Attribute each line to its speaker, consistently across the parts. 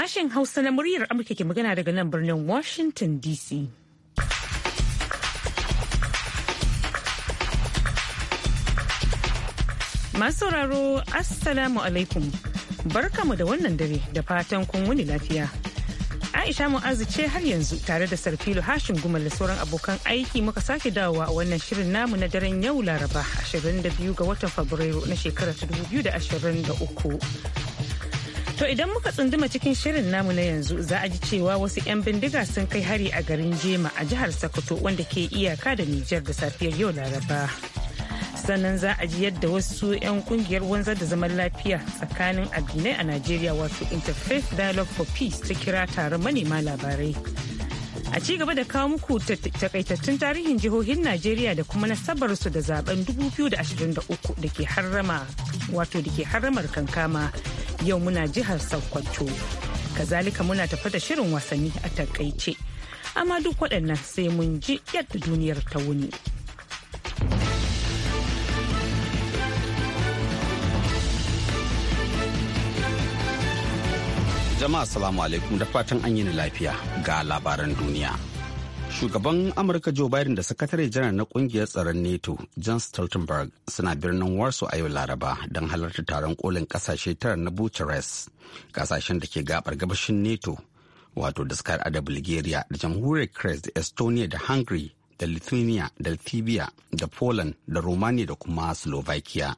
Speaker 1: Sashen Hausa na muryar Amurka ke magana daga nan birnin Washington DC. Masu sauraro Assalamu alaikum. Barkamu da wannan dare da fatan kun wuni lafiya. Aisha Mu'azu ce har yanzu tare da Sarfilo Hashin Gumal da sauran abokan aiki muka sake dawowa a wannan shirin namu na daren yau Laraba 22 ga watan Fabrairu na shekarar 2023. To idan muka tsunduma cikin shirin namu na yanzu za a ji cewa wasu 'yan bindiga sun kai hari a garin Jema a jihar Sokoto wanda ke iyaka da Nijar da safiyar yau Laraba. Sannan za a ji yadda wasu 'yan kungiyar wanzar da zaman lafiya tsakanin addinai a Najeriya wato Interfaith Dialogue for Peace ta kira taron manema labarai. A ci gaba da kawo muku takaitattun tarihin jihohin Najeriya da kuma nasabarsu da zaben 2023 da ke harrama wato da ke harramar kankama. yau muna jihar Sokoto. Kazalika muna tafi da shirin wasanni a takaice. Amma duk waɗannan sai mun ji yadda duniyar ta wuni.
Speaker 2: Jama'a salamu alaikum da fatan an yi lafiya ga labaran duniya. Shugaban Amurka Joe Biden da Sakatare janar na kungiyar tsaron NATO, John Stoltenberg, suna birnin warsu a yau Laraba don halarta taron kolin kasashe tara na Bucharest, kasashen da ke gabar gabashin NATO, wato da suka da Bulgaria da jamhuriyar Crest da Estonia da Hungary da Lithuania da Latvia da Poland da Romania da kuma Slovakia.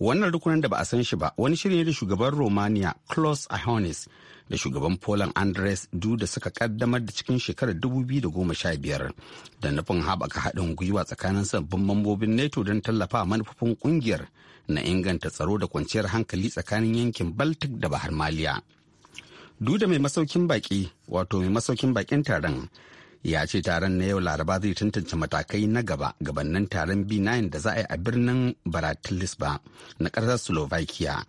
Speaker 2: wannan rukunin da ba a san shi ba wani shiri ne da shugaban romania klaus ahonis da shugaban poland andres duda suka kaddamar da cikin shekarar 2015 da nufin haɓaka haɗin gwiwa tsakanin sabbin mambobin nato don tallafa manufofin ƙungiyar na inganta tsaro da kwanciyar hankali tsakanin yankin baltic da bahar maliya duda mai masaukin baki wato mai masaukin bakin taron ya ce taron na yau laraba zai tantance matakai na gaba gabanin taron b9 da za a yi a birnin bratislava na ƙasar slovakia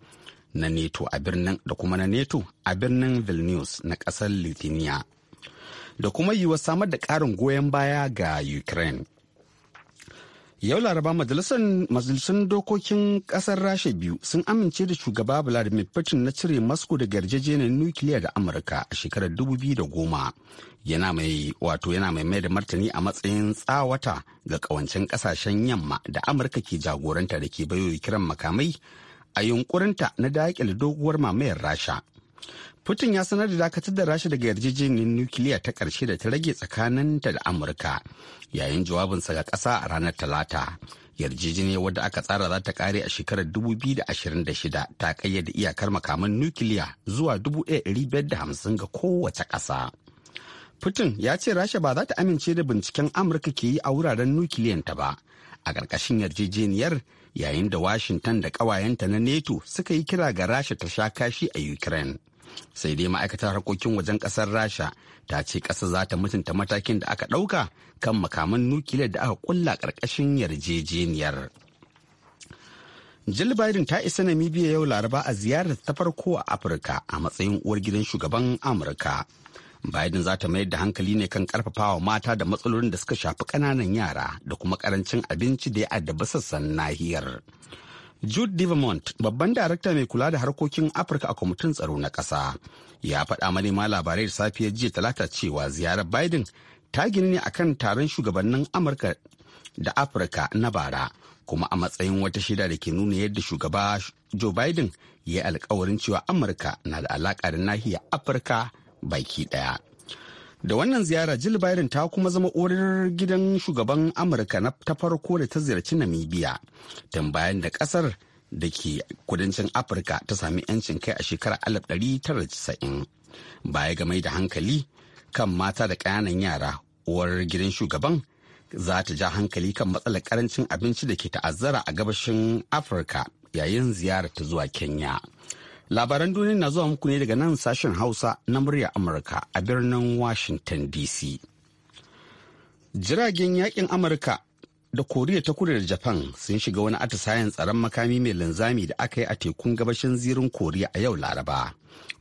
Speaker 2: na neto a birnin da kuma na neto a birnin vilnius na ƙasar lithuania da kuma yiwuwar samar da ƙarin goyon baya ga ukraine yau laraba majalisun dokokin ƙasar rasha biyu sun amince da shugaba vladimir putin na cire moscow da yarjejeniyar nukiliya da amurka a shekarar 2010 yana mai wato yana mai mai da martani a matsayin tsawata ga kawancin kasashen yamma da amurka ke jagoranta da ke bayo kiran makamai a yunkurinta na daƙil doguwar mamayar rasha putin ya sanar da dakatar da rasha daga yarjejeniyar nukiliya ta ƙarshe da ta rage tsakaninta da amurka yayin jawabinsa ga ƙasa a ranar talata yarjejeniyar wadda aka tsara za ta kare a shekarar shida ta kayyade iyakar makaman nukiliya zuwa 1,550 ga kowace ƙasa. Putin ya ce Rasha ba za ta amince da binciken Amurka ke yi a wuraren nukiliyanta ba a ƙarƙashin yarjejeniyar yayin da Washington da ƙawayenta na NATO suka yi kira ga Rasha ta sha kashi a Ukraine. Sai dai ma'aikatar harkokin wajen ƙasar Rasha ta ce ƙasa za ta mutunta matakin da aka ɗauka kan makaman nukiliyar da aka ƙulla ƙarƙashin yarjejeniyar. Jill Biden ta isa Namibia yau Laraba a ziyarar ta farko a Afirka a matsayin uwar gidan shugaban Amurka. Biden za ta mayar da hankali ne kan karfafawa mata da matsalolin da suka shafi kananan yara da kuma karancin abinci da ya addaba sassan nahiyar. Jude Divermont, babban darakta mai kula da harkokin Afirka a kwamitin tsaro na ƙasa, ya faɗa manema labarai da safiyar jiya talata cewa ziyarar Biden ta gini ne akan taron shugabannin Amurka da Afirka na bara, kuma a matsayin wata shida da ke nuna yadda shugaba Joe Biden ya alkawarin cewa Amurka na da alaƙa da nahiyar Afirka baki daya da wannan ziyara jill biden ta kuma zama orin gidan shugaban amurka na ta farko da ta ziyarci namibia tun bayan da kasar da ke kudancin afirka ta sami 'yancin kai a shekarar 1990 baya ga mai da hankali kan mata da ƙananan yara uwar gidan shugaban za ta ja hankali kan matsalar karancin abinci da ke ta'azzara a gabashin afirka yayin ziyarar ta zuwa kenya Labaran duniya na zuwa muku ne daga nan sashen Hausa na murya Amurka a birnin Washington DC. Jiragen yakin Amurka da Koriya ta kudu da Japan sun shiga wani atisayen tsaron makami mai linzami da aka yi a tekun gabashin zirin Koriya a yau Laraba.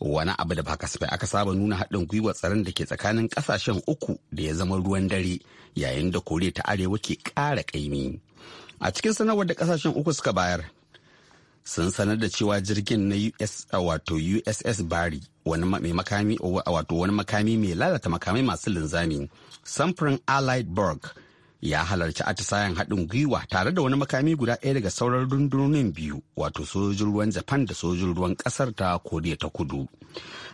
Speaker 2: Wani abu da ba kasafai aka saba nuna haɗin gwiwa tsaron da ke tsakanin ƙasashen uku da ya zama ruwan dare yayin da Koriya ta Arewa ke ƙara ƙaimi. A cikin sanarwar da ƙasashen uku suka bayar, sun sanar da cewa jirgin na US wato USS Bari wani mai makami wato wani makami mai lalata makamai masu linzami samfurin Allied burg ya halarci atisayen haɗin gwiwa tare da wani makami guda ɗaya daga sauran rundunonin biyu wato sojin ruwan Japan da sojin ruwan ƙasar ta Koriya ta Kudu.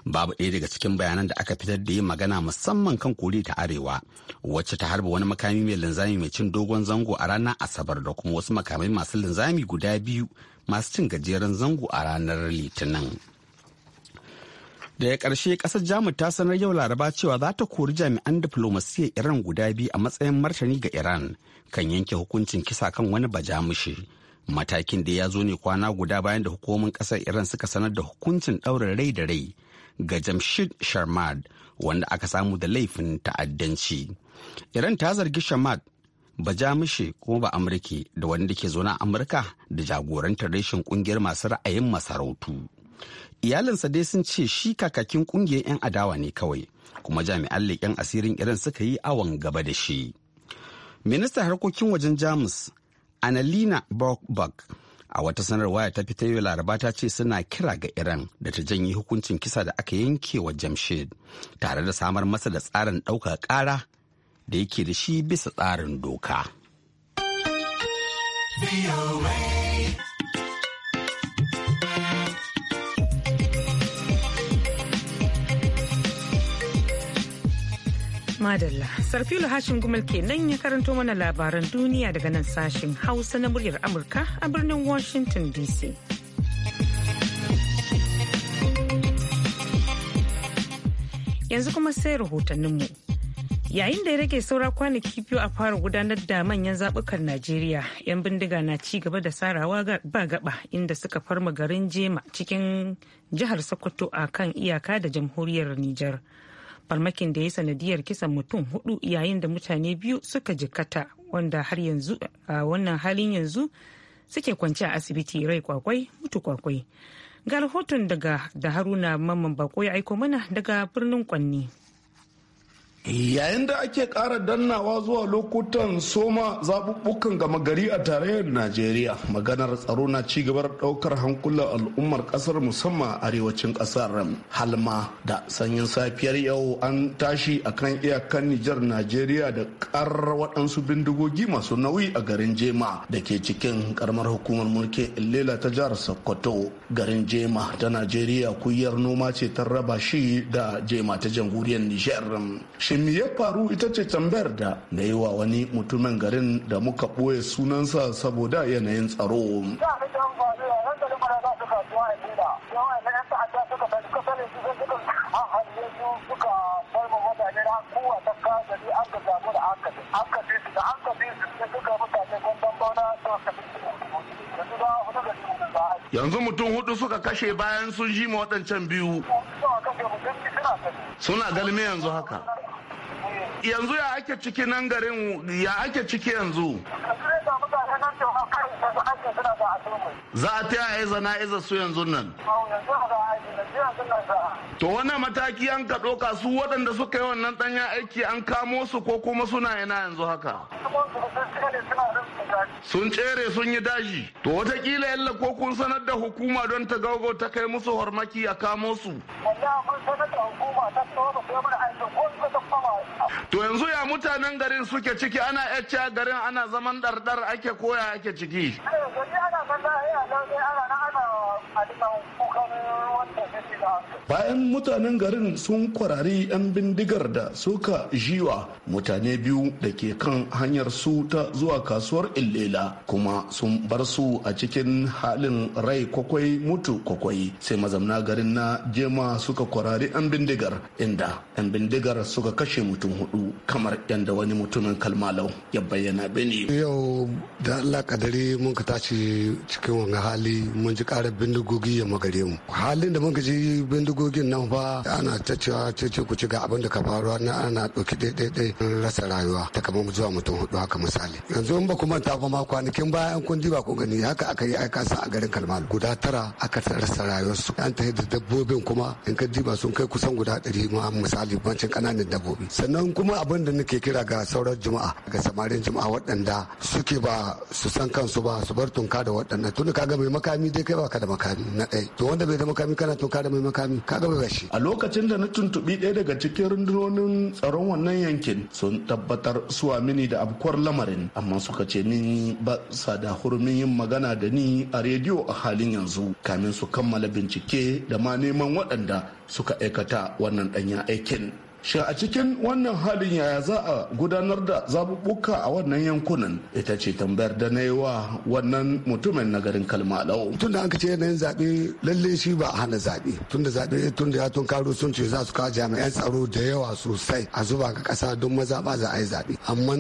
Speaker 2: babu ɗaya daga cikin bayanan da aka fitar da yi magana musamman kan koriya ta arewa wacce ta harba wani makami mai linzami mai cin dogon zango a ranar asabar da kuma wasu makamai masu linzami guda biyu masu cin gajeren zango a ranar litinin daga ƙarshe ƙasar jamus ta sanar yau laraba cewa za ta kori jami'an diflomasiyyar iran guda biyu a matsayin martani ga iran kan yanke hukuncin kisa kan wani bajamushi matakin da ya zo ne kwana guda bayan da hukumomin ƙasar iran suka sanar da hukuncin ɗaurin rai da rai ga Jamshid Sharmad wanda aka samu da laifin ta'addanci. Iran ta zargi Sharmad ba ja mishi kuma ba Amurki da wanda ke zaune a amurka da jagorantar rashin kungiyar masu ra'ayin masarautu iyalinsa dai sun ce shi kakakin kungiyar 'yan adawa ne kawai kuma jami'an leƙen asirin iran suka yi awon gaba da shi ministan harkokin wajen jamus annalina bockback a wata sanarwa ta fita yau laraba ta ce suna kira ga iran da ta janye hukuncin kisa da aka yanke wa jamshed tare da samar masa da tsarin ɗaukar ƙara da yake da shi bisa tsarin doka.
Speaker 1: madalla sarfilu hashin gumal nan ya karanto mana labaran duniya daga nan sashen hausa na muryar amurka a birnin washington dc yanzu kuma sai rahotanninmu yayin da ya rage saura kwanaki biyu a fara gudanar da manyan zabukan najeriya yan bindiga na ci gaba da sarawa ba gaba inda suka farma garin jema cikin jihar sokoto a kan iyaka da jamhuriyar nijar. farmakin da ya sanadiyar kisan mutum hudu yayin da mutane biyu suka jikata wanda har yanzu a wannan halin yanzu suke kwance a asibiti rai kwakwai mutu kwakwai ga rahoton daga da haruna mamman bako ya aiko mana daga birnin kwanni
Speaker 3: yayin da ake ƙara dannawa zuwa lokutan soma zaɓuɓɓukan gama gari a tarayyar najeriya maganar tsaro na cigabar ɗaukar hankulan al'ummar ƙasar musamman arewacin ƙasar halma da sanyin safiyar yau an tashi a kan iyakan nijar najeriya da ƙarar waɗansu bindigogi masu nauyi a garin jema da ke cikin ƙaramar hukumar Mulki illela ta jihar sokoto garin jema ta najeriya kuyar noma ce ta raba shi da jema ta jamhuriyar nijar shi mi ya faru ita ce tambayar da na yi wa wani mutumin garin da muka ɓoye sunansa saboda yanayin tsaro yanzu mutum hudu suka kashe bayan sun ji waɗancan biyu suna galmi yanzu haka yanzu ya ake ciki nan garin ya ake ciki yanzu za a taya aiza, zana iza su yanzu nan to wannan mataki an ka ɗauka su waɗanda suka yi wannan ɗanyen aiki an kamo su ko kuma suna yana yanzu haka sun tsere sun yi daji to watakila yalla ko kun sanar da hukuma don ta gaugau ta kai musu hormaki a kamo su hukuma ta To yanzu ya mutanen garin suke ciki ana yacca garin ana zaman dardar ake koya ake ciki. Eh,
Speaker 4: ana eh,
Speaker 2: ana ana kukan wanda
Speaker 3: bayan mutanen garin sun kwarari 'yan bindigar da suka jiwa mutane biyu da ke kan hanyar su ta zuwa kasuwar illela kuma sun bar su a cikin halin rai kwakwai mutu kwakwai sai mazamna garin na jema suka kwarari 'yan bindigar inda 'yan bindigar suka kashe mutum hudu kamar yadda wani mutumin kalmalau ya bayyana bene
Speaker 5: yau da allah kadari mun ka tashi cikin wani hali mun ji karar bindigogi ya magare mu halin da mun ji bindigogi bindigogin nan fa ana ta cewa cece ku ci ga abin da ka faruwa na ana ɗauki ɗaiɗaiɗai rasa rayuwa ta kamar zuwa mutum hudu haka misali yanzu in ba ku manta ba ma kwanakin baya an kun ba ku gani haka aka yi aika sa a garin kalmal guda tara aka rasa rayuwarsu an ta da dabbobin kuma in ka diba sun kai kusan guda ɗari ma misali bancin ƙananan dabbobi sannan kuma abin da nake kira ga sauran juma'a ga samarin juma'a waɗanda suke ba su san kansu ba su bar tunka da waɗannan tun ka ga mai makami dai kai ka da makami na ɗaya to wanda bai da makami kana tunka da mai makami yankin kaga ba shi
Speaker 3: a lokacin da na tuntubi ɗaya daga cikin rundunonin tsaron wannan yankin sun tabbatar suwa mini da abkuwar lamarin amma suka ce ni ba sa da hurumin yin magana da ni a rediyo a halin yanzu kamin su kammala bincike da ma neman waɗanda suka aikata wannan ɗanyen aikin Shin a cikin wannan halin yaya za a gudanar da zaɓuɓɓuka a wannan yankunan ita ce tambayar da na yi wa wannan mutumin na garin Kalmalau. Tun da an ce yanayin zaɓe lalle shi ba a hana zaɓe. Tun da zaɓe tun da ya tun karo sun ce za
Speaker 5: su kawo jami'an tsaro da yawa sosai a zuba ga ƙasa don maza ba za a yi zaɓe. Amma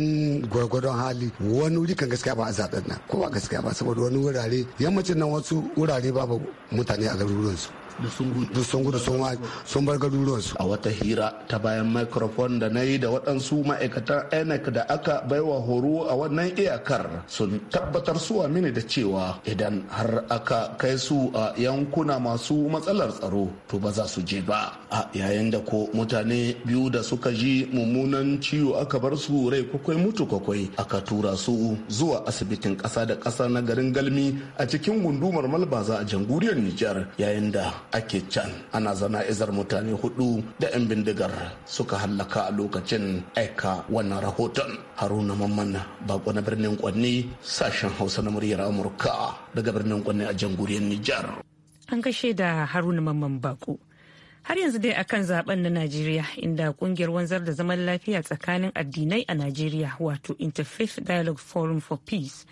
Speaker 5: gwargwadon hali wani wuri kan gaskiya ba a zaɓen nan ko ba gaskiya ba saboda wani wurare yammacin nan
Speaker 3: wasu wurare babu mutane a garuruwansu. da sun gudu sun bar wasu. a wata hira ta bayan microphone da na yi da waɗansu ma'aikatan ENEC da aka baiwa horo a wannan iyakar sun tabbatar suwa mini da cewa idan har aka kai su a yankuna masu matsalar tsaro to ba za su je ba a yayin da ko mutane biyu da suka ji mummunan ciwo aka bar su rai kwakwai mutu kwakwai aka tura su zuwa asibitin ƙasa da ƙasa na garin galmi a cikin gundumar malbaza a jamhuriyar nijar yayin da ake can ana zana'izar mutane hudu da 'yan bindigar suka hallaka a lokacin aika wannan rahoton haruna mamman bako na birnin kwanni sashen hausa na muryar amurka daga birnin kwanni a janguriyar nijar
Speaker 1: an kashe da haruna mamman bako har yanzu dai akan zaben na najeriya inda kungiyar wanzar da zaman lafiya tsakanin addinai a najeriya wato interfaith dialogue forum for peace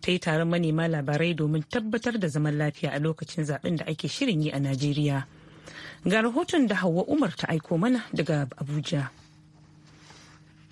Speaker 1: ta yi taron manema labarai domin tabbatar da zaman lafiya a lokacin zaben da ake shirin yi a najeriya ga rahoton da Hauwa umar ta aiko mana daga abuja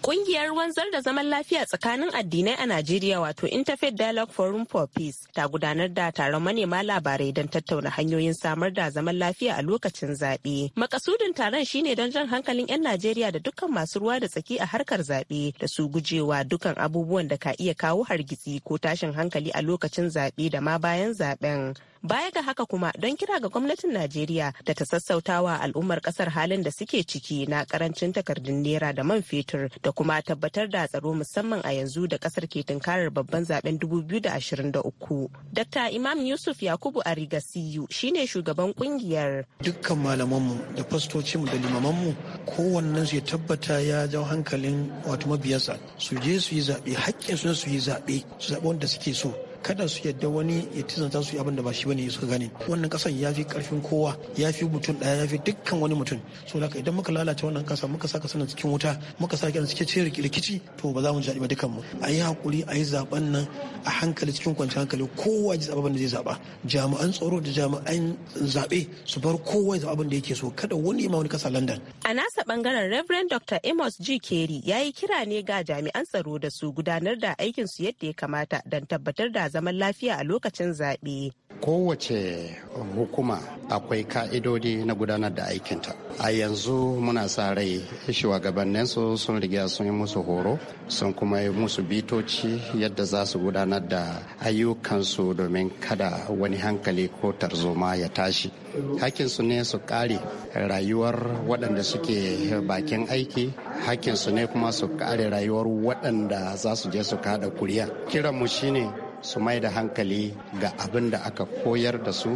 Speaker 6: Kungiyar wanzar da zaman lafiya tsakanin addinai a Najeriya wato Interfaith Dialogue Forum for Peace ta gudanar da taron manema labarai don tattauna hanyoyin samar da zaman lafiya a lokacin zaɓe. Makasudin taron shine don jan hankalin 'yan Najeriya da dukkan masu ruwa da tsaki a harkar zaɓe da su gujewa dukkan abubuwan da ka iya kawo hargitsi ko tashin hankali a lokacin zaɓe da ma bayan zaɓen. Baya ga haka kuma don kira ga gwamnatin Najeriya da ta sassautawa al'ummar kasar halin da suke ciki na karancin takardun naira da man fetur da kuma tabbatar da tsaro musamman a yanzu da kasar ke tunkarar babban zaben 2023. Dr. Imam Yusuf Yakubu shi shine shugaban
Speaker 4: kungiyar. Dukkan malamanmu da fastocinmu da limamanmu kowannen su ya tabbata ya jan hankalin wato mabiyansa su je su yi zaɓe hakkin su su yi zaɓe su zaɓe wanda suke so kada su yadda wani ya tizanta su abin da ba shi bane su gane wannan kasan ya fi karfin kowa ya fi mutum daya ya fi dukkan wani mutum so haka idan muka lalace wannan kasa muka saka sanin cikin wuta muka saka cikin cikin rikici to ba za mu jaɗi ba dukkan mu a yi hakuri a yi zaben nan a hankali cikin kwanciyar hankali kowa ji zaben da zai zaɓa jami'an tsaro da jami'an zaɓe su bar kowa ya zaba abin da yake so kada wani ma wani kasa London.
Speaker 6: A nasa bangaren Reverend Dr. Amos G. Kerry ya kira ne ga jami'an tsaro da su gudanar da aikinsu yadda ya kamata don tabbatar da a zaman lafiya a lokacin zaɓe.
Speaker 2: Kowace um, hukuma akwai ka'idodi na gudanar da aikinta. A yanzu muna sa rai shugabanninsu sun riga sun yi musu horo sun kuma yi musu bitoci yadda za su gudanar da ayyukansu domin kada wani hankali ko tarzoma ya tashi. Hakinsu ne su kare rayuwar waɗanda suke bakin aiki, hakinsu ne kuma su ƙare rayuwar waɗanda za su je su kaɗa kuriya. Kiranmu shine su mai da hankali ga abin da aka koyar da su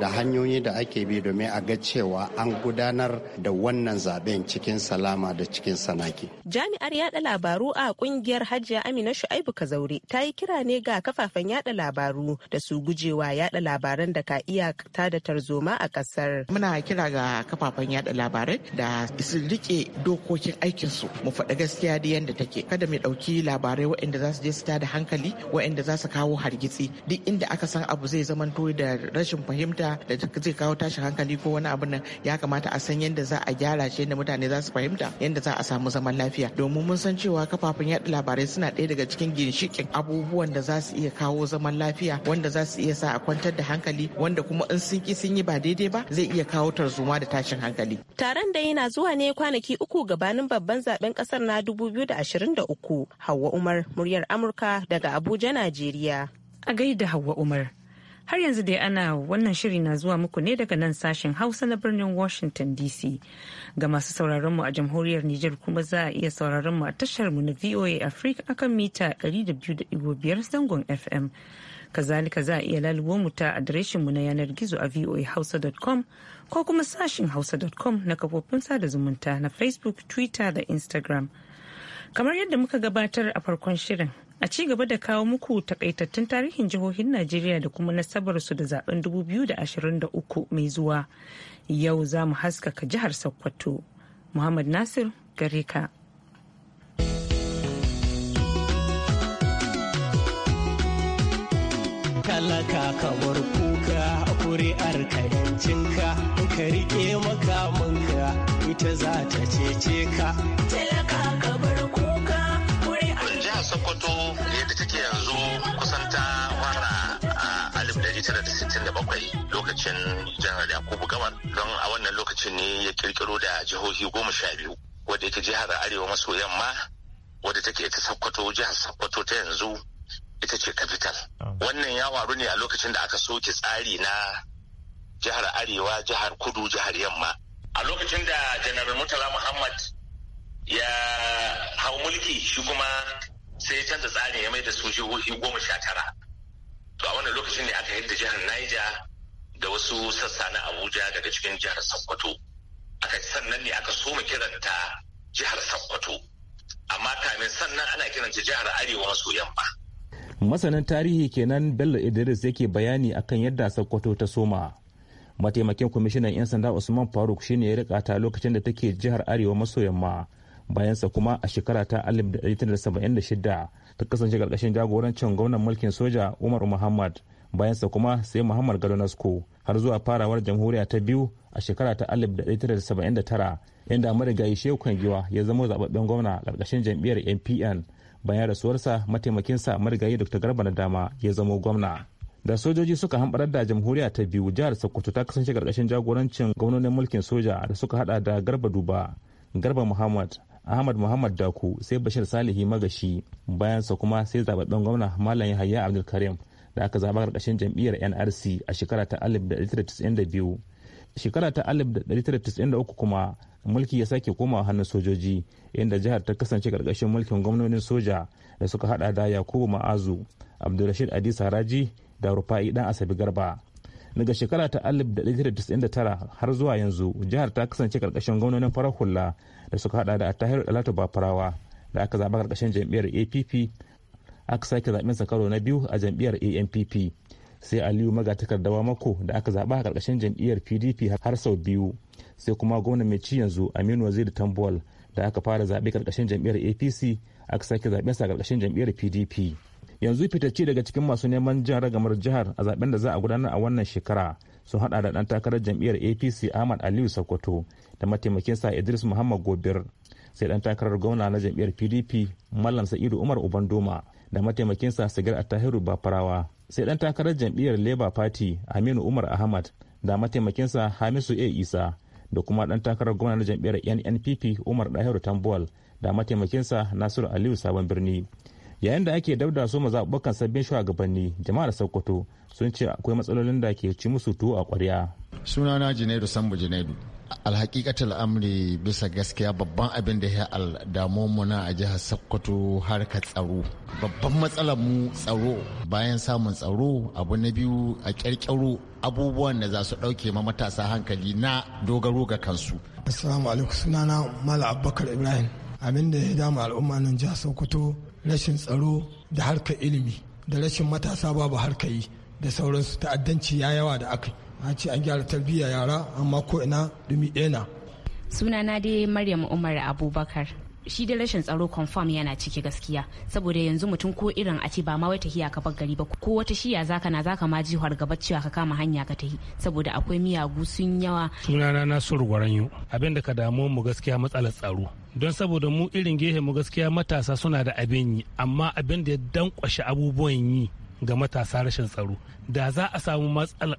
Speaker 2: da hanyoyi da ake bi domin a ga cewa an gudanar da wannan zaben cikin salama da cikin sanaki.
Speaker 6: Jami'ar yada labaru a kungiyar Hajiya Amina Shu'aibu Kazaure ta yi kira ne ga kafafen yada labaru da su gujewa yada labaran da ka iya ta da tarzoma a kasar. Muna kira ga kafafen yada labarai da su rike dokokin aikin su mu faɗa gaskiya da yadda take kada mu ɗauki labarai waɗanda za su je su ta da hankali waɗanda za su kawo kawo hargitsi duk inda aka san abu zai zamanto da rashin fahimta da zai kawo tashin hankali ko wani abu nan ya kamata a san yadda za a gyara shi yadda mutane za su fahimta yadda za a samu zaman lafiya domin mun san cewa kafafen yaɗa labarai suna ɗaya daga cikin ginshikin abubuwan da za su iya kawo zaman lafiya wanda za su iya sa a kwantar da hankali wanda kuma in sun ki sun yi ba daidai ba zai iya kawo tarzoma da tashin hankali. Taron da yana zuwa ne kwanaki uku gabanin babban zaben kasar na 2023 Hauwa Umar muryar Amurka daga Abuja Najeriya. a gaida Hauwa Umar. Har yanzu dai
Speaker 1: ana wannan shiri na zuwa muku ne daga nan sashen Hausa na birnin Washington DC. Ga masu sauraron mu a jamhuriyar Nijar kuma za a iya sauraron mu a tashar mu na VOA Africa akan mita 200.5 zangon FM. Kazalika za a iya lalubo mu ta adireshin mu na yanar gizo a voahausa.com ko kuma sashen hausa.com na kafofin sada zumunta na Facebook, Twitter da Instagram. Kamar yadda muka gabatar a farkon shirin, a ci gaba da kawo muku takaitattun tarihin jihohin najeriya da kuma nasabarsu da zaben 2023 mai zuwa yau za mu haskaka jihar sokoto muhammad nasir gare ka
Speaker 2: kuka kuri'ar ka ka riƙe makamanka ita
Speaker 7: za ta cece ka yadda take yanzu kusan ta fara a alif 1967 lokacin janar yakubu gamar don a wannan lokacin ne ya kirkiro da jihohi goma sha biyu wadda yake jihar arewa maso yamma wadda take ita sakkwato jihar sakkwato ta yanzu ita ce capital ah. wannan ya waru ne a lokacin da aka soke tsari na jihar arewa jihar kudu jihar yamma a lokacin da janar murtala muhammad ya hau mulki shi kuma sai canza tsarin ya mai da su jihohi goma sha tara to a wannan lokacin ne aka yadda jihar Niger da wasu sassa na Abuja daga cikin jihar Sokoto aka sannan ne aka soma kiranta jihar Sokoto amma kamin sannan ana kiranta jihar Arewa maso yamma masanin tarihi kenan Bello Idris yake bayani akan yadda Sokoto ta soma mataimakin kwamishinan 'yan sanda usman faruk shine ya rika ta lokacin da take jihar arewa maso yamma bayansa kuma a shekara ta 1976 ta kasance karkashin jagorancin gwamnan mulkin soja umar muhammad bayansa kuma sai muhammad gado nasko har zuwa farawar jamhuriya ta biyu a shekara ta 1979 inda marigayi shehu giwa ya zama zababben gwamna karkashin jam'iyyar npn bayan rasuwarsa mataimakinsa marigayi dr garba na dama ya zama gwamna da sojoji suka hanbarar da jamhuriya ta biyu jihar sokoto ta kasance karkashin jagorancin gwamnonin mulkin soja da suka hada da garba duba garba muhammad ahmad muhammad daku sai bashir salihi magashi bayansa kuma sai zababben gwamna malam yahaya abdulkarim da aka zaba karkashin jam'iyyar nrc a shekara ta 1992 shekara ta 1993 kuma mulki ya sake komawa hannun sojoji inda jihar ta kasance karkashin mulkin gwamnonin soja da suka hada da yakubu ma'azu abdulrashid adi saraji da rufa'i dan asabi garba daga shekara ta 1999 har zuwa yanzu jihar ta kasance karkashin gwamnonin farar hula da suka hada da attahiru dalatu bafarawa da aka zaɓa karkashin jam'iyyar app aka sake zaɓen sa karo na biyu a jam'iyyar ampp sai aliyu magatakarda mako da aka zaɓa a karkashin jam'iyyar pdp har sau biyu sai kuma gwamna mai ci yanzu aminu waziri tambol da aka fara zaɓe karkashin jam'iyyar apc aka sake zaɓen sa karkashin jam'iyyar pdp yanzu fitacci daga cikin masu neman jan ragamar jihar a zaben da za a gudanar a wannan shekara sun hada da dan takarar jam'iyyar apc ahmad aliyu sokoto da mataimakinsa idris muhammad gobir sai dan takarar gwamna na jam'iyyar pdp mallam sa'idu umar ubandoma da mataimakinsa sigar attahiru bafarawa sai dan takarar jam'iyyar labour party aminu umar ahmad da mataimakinsa hamisu a isa da kuma dan takarar gwamna na jam'iyyar nnpp umar dahiru tambuwal da mataimakinsa nasiru aliyu sabon birni yayin da ake dabda su mazaɓuɓɓukan sabbin shugabanni jama'ar sokoto sun ce akwai matsalolin da ke ci musu tuwo a ƙwarya sunana junaidu sambu junaidu alhaƙiƙatar amri bisa gaskiya babban abin da ya damu mu na a jihar sokoto harkar tsaro
Speaker 2: babban matsalar mu tsaro bayan samun tsaro abu na biyu a ƙyarƙyaro abubuwan da za su ɗauke ma matasa hankali na dogaro ga kansu assalamu alaikum
Speaker 4: sunana mala abubakar ibrahim abin da ya damu al'umma nan jihar sokoto rashin tsaro da harkar ilimi da rashin matasa babu harka yi da sauransu ta'addanci ya yawa da aka a ce an gyara tarbiyya yara amma ko ina dumi ɗaya
Speaker 8: sunana dai maryam umar abubakar shi dai rashin tsaro confirm yana ciki gaskiya saboda yanzu
Speaker 6: mutum ko irin a ce ba ma wai tahiya ka bar gari ba ko wata shiya zaka na zaka ma ji gaba cewa ka kama hanya ka tahi saboda akwai miyagu sun yawa
Speaker 7: sunana gwaran yo. abin da ka damu mu gaskiya matsalar tsaro don saboda mu irin gehe mu gaskiya matasa suna da abin yi amma abin da ya dankwashe abubuwan yi ga matasa rashin tsaro da za a samu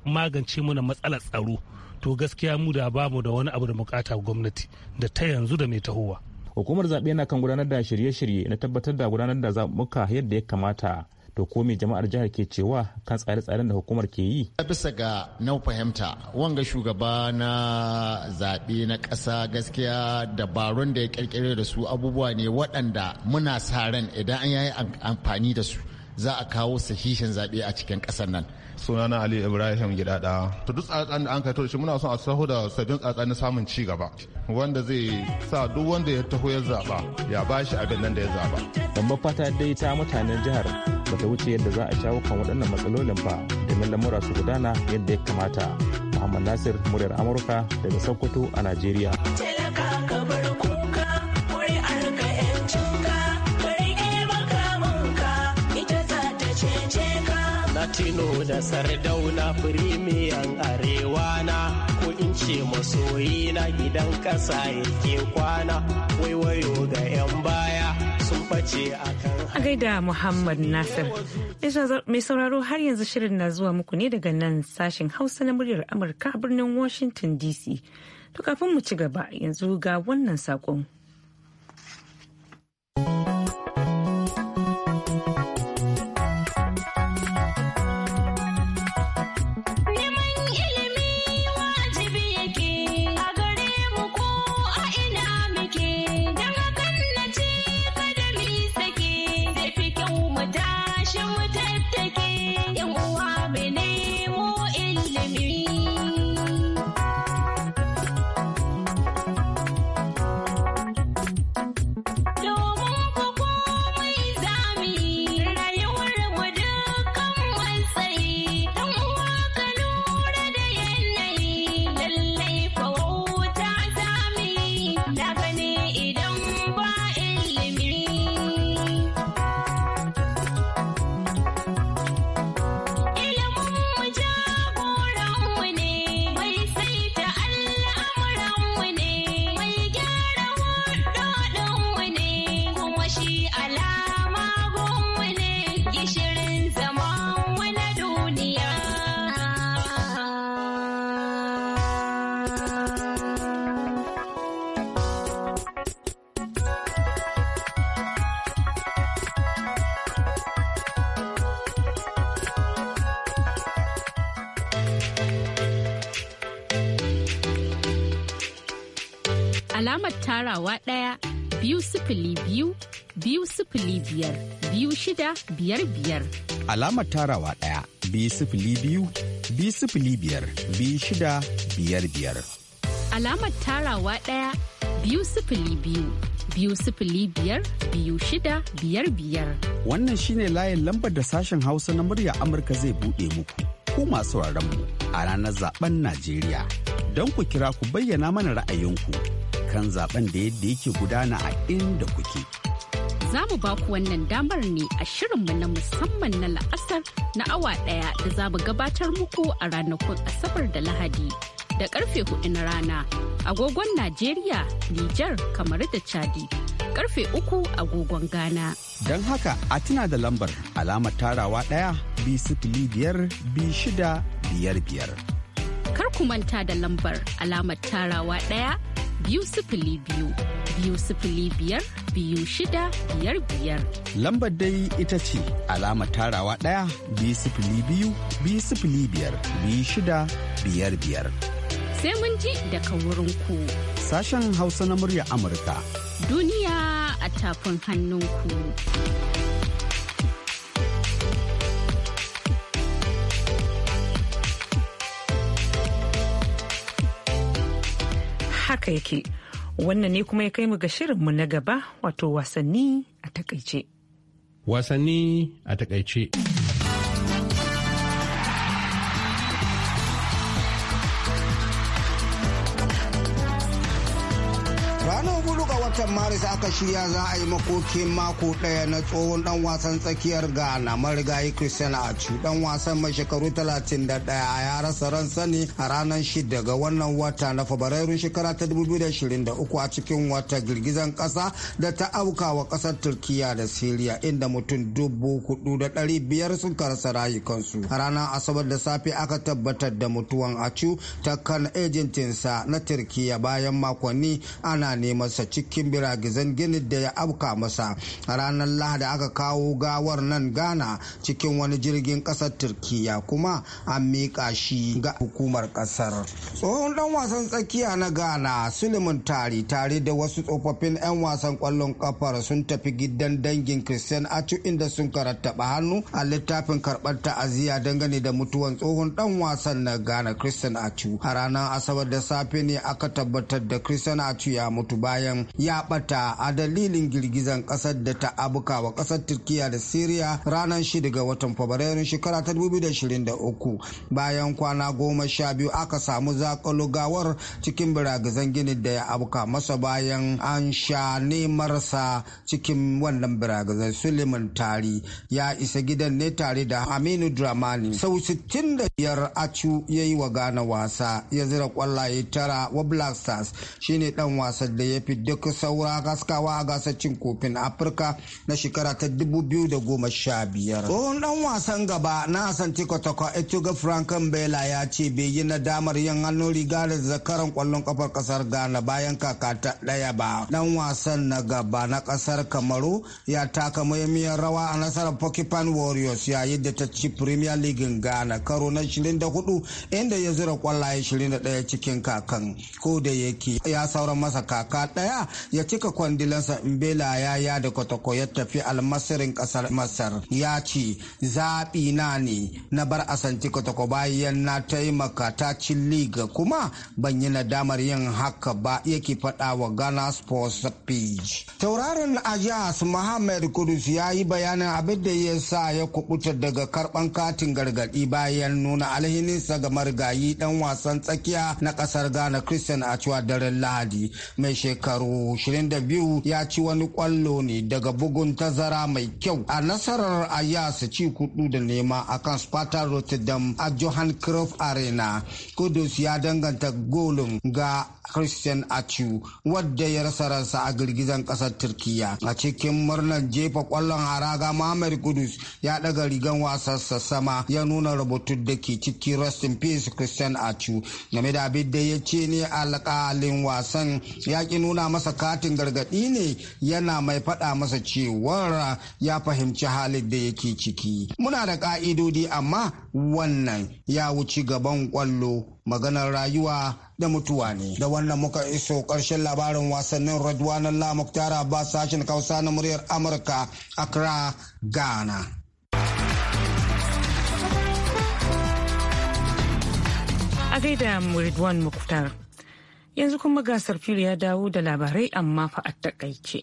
Speaker 7: magance mana matsalar tsaro to gaskiya mu da bamu da wani abu da bukata gwamnati da ta yanzu da mai tahowa hukumar zaɓe na kan gudanar da shirye-shirye na tabbatar da gudanar da zaɓuɓɓuka yadda ya kamata to ko me jama'ar jihar ke cewa kan tsare-tsaren da hukumar ke yi bisa ga na fahimta
Speaker 2: wanga shugaba na zaɓe na ƙasa gaskiya dabarun da ya ƙirƙire da su abubuwa ne waɗanda muna sa ran idan an yi
Speaker 7: amfani da su za a kawo sahihin zaɓe a cikin ƙasar nan. sunana ali ibrahim gidada to duk tsatsan da an kai to shi muna son a saho da sabbin tsatsan na samun ci gaba wanda zai sa duk wanda ya taho ya zaba ya bashi abin nan da ya zaba amma fata dai ta mutanen jihar ba ta wuce yadda za a shawo kan waɗannan matsalolin ba domin lamura su gudana yadda ya kamata muhammad nasir muryar amurka daga sokoto a najeriya latino da sardauna
Speaker 6: firimiyan
Speaker 2: arewa na ko in ce masoyi na gidan kasa yake kwana waiwayo ga 'yan baya sun face a kan
Speaker 1: a gaida muhammad nasir mai sauraro har yanzu shirin na zuwa muku ne daga nan sashen hausa na muryar amurka birnin washington dc to kafin mu ci gaba yanzu ga wannan saƙon.
Speaker 8: tarawa ɗaya biyu sifili biyu biyu sifili biyar biyu shida biyar biyar.
Speaker 2: Alamar tarawa ɗaya biyu sifili biyu biyu sifili biyar biyu shida biyar biyar.
Speaker 8: Alamar tarawa ɗaya biyu sifili biyu biyu sifili biyar biyu shida biyar biyar.
Speaker 2: Wannan shine layin lambar da sashen Hausa na murya Amurka zai buɗe muku. Ku masu mu a ranar zaben Najeriya. Don ku kira ku bayyana mana ra'ayinku. kan zaben da yadda yake gudana a inda kuke.
Speaker 8: Za mu ba ku wannan damar ne a shirinmu na musamman na la'asar na awa ɗaya da za mu gabatar muku a ranakun Asabar da Lahadi da karfe hudu na rana agogon Najeriya, Nijar, kamar da Chadi. Karfe uku agogon Ghana.
Speaker 2: Don haka a tuna da lambar alamar tarawa ɗaya bi sifili biyar bi shida biyar biyar.
Speaker 8: Kar ku manta da lambar alamar tarawa ɗaya biyu sifili biyu biyu sifili biyar biyu shida biyar biyar.
Speaker 2: Lambar dai ita ce alama tarawa ɗaya biyu sifili biyu biyu sifili biyar biyu shida biyar biyar.
Speaker 8: Sai mun ji daga wurin ku.
Speaker 2: Sashen Hausa na murya Amurka.
Speaker 8: Duniya a tafin hannunku.
Speaker 1: haka yake wannan ne kuma ya kai mu ga shirinmu na gaba wato wasanni a takaice
Speaker 7: wasanni a takaice
Speaker 4: watan maris aka shirya za a yi makokin mako daya na tsohon dan wasan tsakiyar ghana marigayi christian achu dan wasan mai shekaru 31 ya rasa ran sani a ranar 6 daga wannan wata na fabrairun shekara ta 2023 a cikin wata girgizan kasa da ta auka wa ƙasar turkiya da syria inda mutum dubu hudu da ɗari biyar sun karasa rayukansu a ranar asabar da safe aka tabbatar da mutuwan achu ta kan ejintinsa na turkiya bayan makonni ana neman sa cikin giragizan ginin da ya afka masa a ranar lahadi aka kawo gawar nan gana cikin wani jirgin kasar turkiya kuma an miƙa shi ga hukumar kasar tsohon dan wasan tsakiya na ghana suleiman tari tare da wasu tsofaffin 'yan wasan kwallon kafar sun tafi gidan dangin christian acu inda sun karattaba hannu a littafin karɓar ta'aziyya dangane da mutuwan tsohon dan wasan na ghana christian acu a ranar asabar da safe ne aka tabbatar da christian acu ya mutu bayan ya ɓata a dalilin girgizan kasar da ta abuka wa ƙasar turkiya da syria. ranar 6 ga watan fabrairun shekara ta 2023 bayan kwana goma sha biyu aka samu zakalo gawar cikin biragizan ginin da ya abuka masa bayan an sha nemarsa cikin wannan biragizan suleiman tari ya isa gidan ne tare da aminu dramani sau 65 acu ya yi wa gana wasa ya zira kwallaye tara wa black stars shine dan wasan da ya fi duk sau na'ura gaskawa a gasar cin kofin afirka na shekara ta 2015 tsohon dan wasan gaba na tiko kwatakwa etuga franken bela ya ce bai yi nadamar yin hannun riga da zakaran kwallon kafar kasar ghana bayan kaka ta daya ba dan wasan na gaba na kasar kamaru ya taka muhimmiyar rawa a nasarar pokipan warriors yayin da ta ci premier league ghana karo na 24 inda ya zura kwallaye 21 cikin kakan ko da yake ya sauran masa kaka daya ya cika kwandilansa Mbela ya da kwatakwa ya tafi almasirin kasar Masar ya ce zaɓi na ne na bar asanti kotoko bayan na taimaka ta ci liga kuma ban yi nadamar yin haka ba yake faɗa wa Ghana Sports Page. Tauraron ajiyas muhammad Kudus ya yi bayanin abin da ya sa ya kubuta daga karɓan katin gargaɗi bayan nuna alhininsa ga marigayi dan wasan tsakiya na ƙasar Ghana Christian Achua daren Lahadi mai shekaru da 22 ya ci wani kwallo ne daga bugun tazara mai kyau a nasarar ayas ci kudu da nema a kan sparta rotterdam a johan cruyff arena kudus ya danganta golin ga christian achu wadda ya rasa ransa a girgizan kasar turkiya a cikin murnar jefa kwallon haraga mohamed kudus ya daga rigan wasarsa sama ya nuna rubutu da ke ciki rustin peace christian achu game da abin da ya ce ne alkalin wasan ya ki nuna masa katin aikin gargaɗi ne yana mai faɗa masa cewar ya fahimci halin da yake ciki. Muna da ƙa'idodi amma wannan ya wuci gaban ƙwallo maganar rayuwa da mutuwa ne. Da wannan muka iso ƙarshen labarin wasannin Radwanan Lamuk ba sashen kausa na muryar Amurka Accra, Ghana.
Speaker 1: A gaida Muridwan Mukhtar. Yanzu kuma gasar fili ya dawo da labarai amma fa a takaice.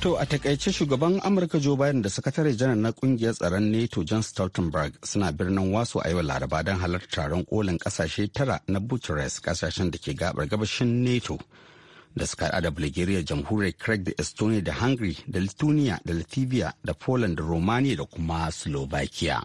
Speaker 2: To a takaice shugaban Amurka Joe Biden da sakatare janar na kungiyar tsaron NATO John Stoltenberg suna birnin wasu a yau laraba don halartar taron kolin kasashe tara na Bucharest kasashen da ke gabar gabashin NATO da suka hada da Bulgaria, jamhuriyar Craig da Estonia da Hungary da Lithuania da Latvia da Poland da Romania da kuma Slovakia.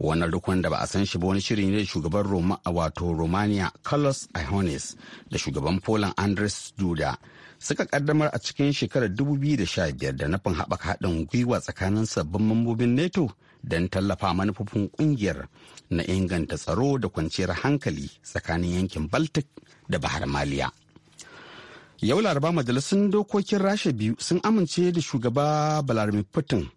Speaker 2: wannan duk wanda ba a san shi ba wani shiri ne da shugaban roma wato romania carlos iohannis da shugaban poland andres duda suka kaddamar a cikin shekarar 2015 da nufin haɓaka haɗin gwiwa tsakanin sabbin mambobin nato don tallafa manufofin ƙungiyar na inganta tsaro da kwanciyar hankali tsakanin yankin baltic da bahar maliya yau laraba majalisun dokokin rasha biyu sun amince da shugaba vladimir putin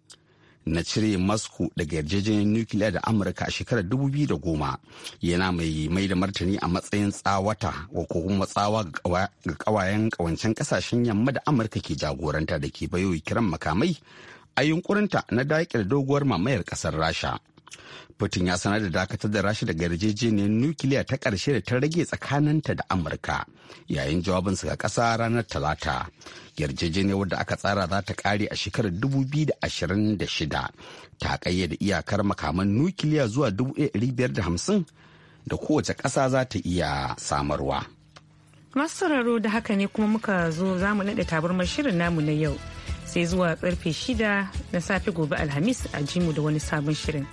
Speaker 2: na cire Moscow daga yarjejeniyar nukiliya da Amurka a shekarar 2010 yana mai mai da martani a matsayin tsawata wa kuma tsawa ga kawayen kawancen kasashen yamma da Amurka ke jagoranta da ke bayo kiran makamai a yunkurinta na daƙil doguwar mamayar ƙasar Rasha. Putin ya sanar da dakatar da Rasha daga yarjejeniyar nukiliya ta ƙarshe da ta rage tsakaninta da Amurka yayin jawabinsa ga ƙasa ranar Talata. Yarjejeniyar wadda aka tsara za ta ƙare a shekarar 2026 ta da iyakar makaman nukiliya zuwa 1,550 da kowace ƙasa za ta iya samarwa.
Speaker 1: Masu sauraro da haka ne kuma muka zo za mu naɗe tabarmar shirin namu na yau sai zuwa karfe shida na safe gobe Alhamis a jimu da wani sabon shirin.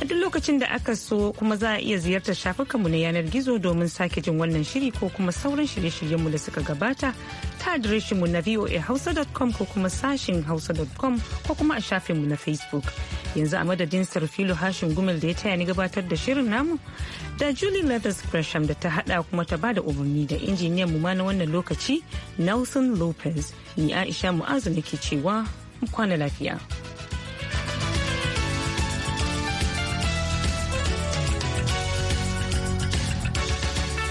Speaker 1: a duk lokacin da aka so kuma za a iya ziyartar shafukanmu na yanar gizo domin sake jin wannan shiri ko kuma sauran shirye-shiryenmu da suka gabata ta adireshinmu na voahausa.com ko kuma sashin hausa.com ko kuma a shafinmu na facebook yanzu a madadin sarfilo hashin gumel da ya taya ni gabatar da shirin namu da julie leathers gresham da ta hada kuma ta bada umarni da injiniyan mu ma na wannan lokaci nelson lopez ni aisha mu'azu nake cewa kwana lafiya.